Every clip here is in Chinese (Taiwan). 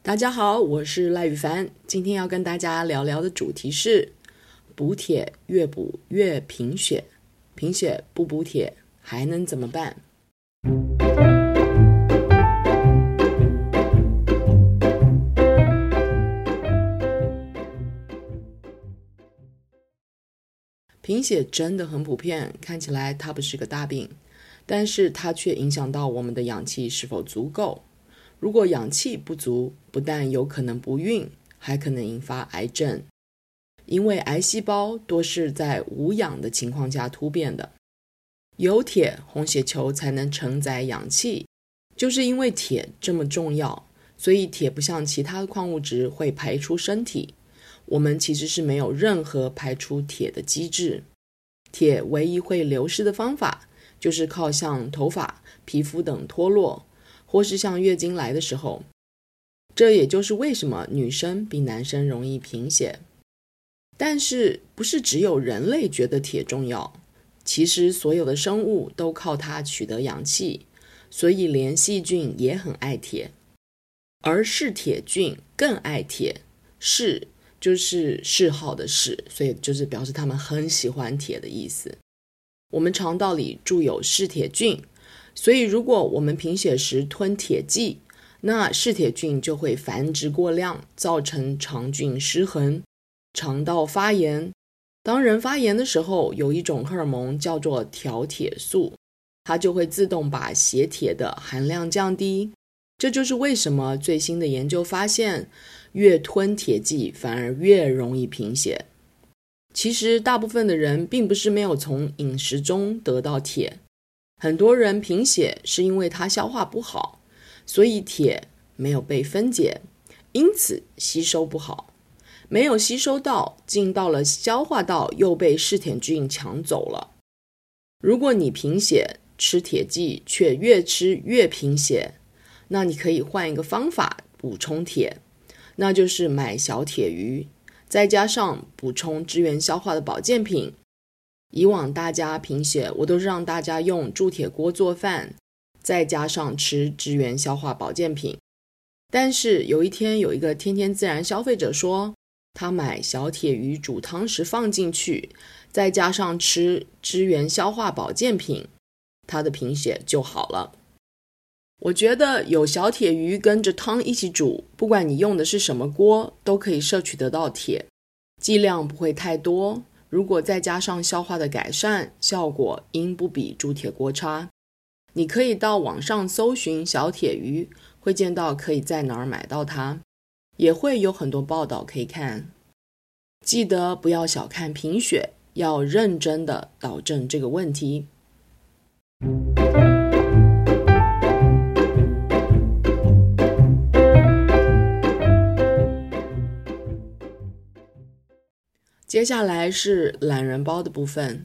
大家好，我是賴宇凡，今天要跟大家聊聊的主題是：補鐵越補越貧血，貧血不補鐵還能怎麼辦？貧血真的很普遍，看起來它不是個大病，但是它卻影響到我們的氧氣是否足夠。如果氧氣不足，不但有可能不孕，還可能引發癌症，因為癌細胞多是在無氧的情況下突變的。有鐵，紅血球才能承載氧氣，就是因為鐵這麼重要，所以鐵不像其他的礦物質會排出身體。我們其實是沒有任何排出鐵的機制，鐵唯一會流失的方法就是靠像頭髮、皮膚等脫落。或是像月經來的時候，這也就是為什麼女生比男生容易貧血。但是，不是只有人類覺得鐵重要，其實所有的生物都靠它取得氧氣，所以連細菌也很愛鐵，而嗜鐵菌更愛鐵。嗜就是嗜好的嗜，所以就是表示他們很喜歡鐵的意思。我們腸道裡住有嗜鐵菌。所以，如果我們貧血時吞鐵劑，那嗜鐵菌就會繁殖過量，造成腸菌失衡、腸道發炎。當人發炎的時候，有一種荷爾蒙叫做調鐵素，它就會自動把血鐵的含量降低。這就是為什麼最新的研究發現，越吞鐵劑反而越容易貧血。其實，大部分的人並不是沒有從飲食中得到鐵。很多人貧血是因為他消化不好，所以鐵沒有被分解，因此吸收不好，沒有吸收到，進到了消化道又被嗜鐵菌搶走了。如果你貧血吃鐵劑卻越吃越貧血，那你可以換一個方法補充鐵，那就是買小鐵魚，再加上補充支援消化的保健品。以往大家貧血，我都是讓大家用鑄鐵鍋做飯，再加上吃支援消化保健品。但是有一天，有一個天天自然消費者說，他買小鐵魚煮湯時放進去，再加上吃支援消化保健品，他的貧血就好了。我覺得有小鐵魚跟着湯一起煮，不管你用的是什麼鍋，都可以攝取得到鐵，劑量不會太多。如果再加上消化的改善，效果應不比鑄鐵鍋差。你可以到網上搜尋小鐵魚，會見到可以在哪兒買到它，也會有很多報道可以看。記得不要小看貧血，要認真的導正這個問題。接下來是懶人包的部分，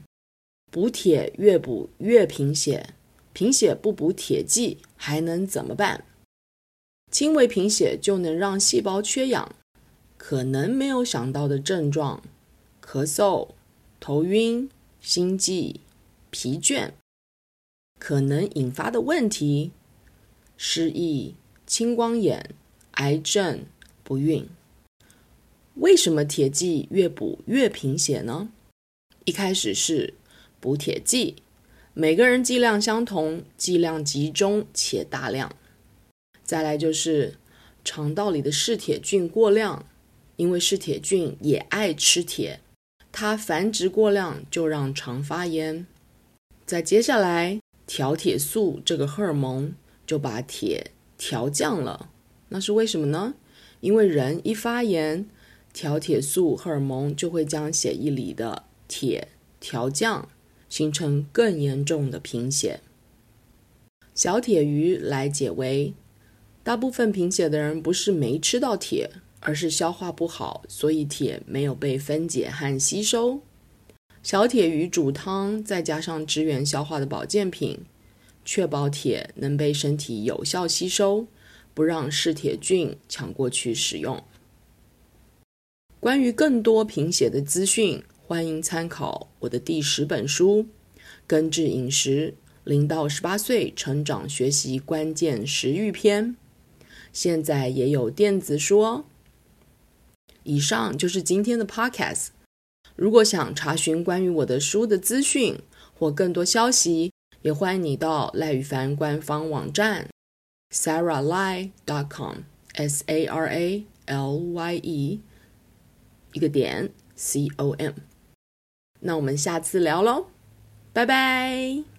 補鐵越補越貧血，貧血不補鐵劑還能怎麼辦？輕微貧血就能讓細胞缺氧，可能沒有想到的症狀：咳嗽、頭暈、心悸、疲倦，可能引發的問題：失憶、青光眼、癌症、不孕。為什麼鐵劑越補越貧血呢？一開始是補鐵劑，每個人劑量相同，劑量集中且大量。再來就是腸道裡的嗜鐵菌過量，因為嗜鐵菌也愛吃鐵，它繁殖過量就讓腸發炎。再接下來，調鐵素這個荷爾蒙就把鐵調降了。那是為什麼呢？因為人一發炎。調鐵素荷爾蒙就會將血液裡的鐵調降，形成更嚴重的貧血。小鐵魚來解圍，大部分貧血的人不是沒吃到鐵，而是消化不好，所以鐵沒有被分解和吸收。小鐵魚煮湯，再加上支援消化的保健品，確保鐵能被身體有效吸收，不讓嗜鐵菌搶過去使用。關於更多貧血的資訊，歡迎參考我的第十本書《根治飲食：零到十八歲成長學習關鍵食慾篇》。現在也有電子書哦。以上就是今天的 Podcast。如果想查詢關於我的書的資訊或更多消息，也歡迎你到賴宇凡官方網站 saralye.com，S-A-R-A-L-Y-E。一個點，com，那我們下次聊嘍，拜拜。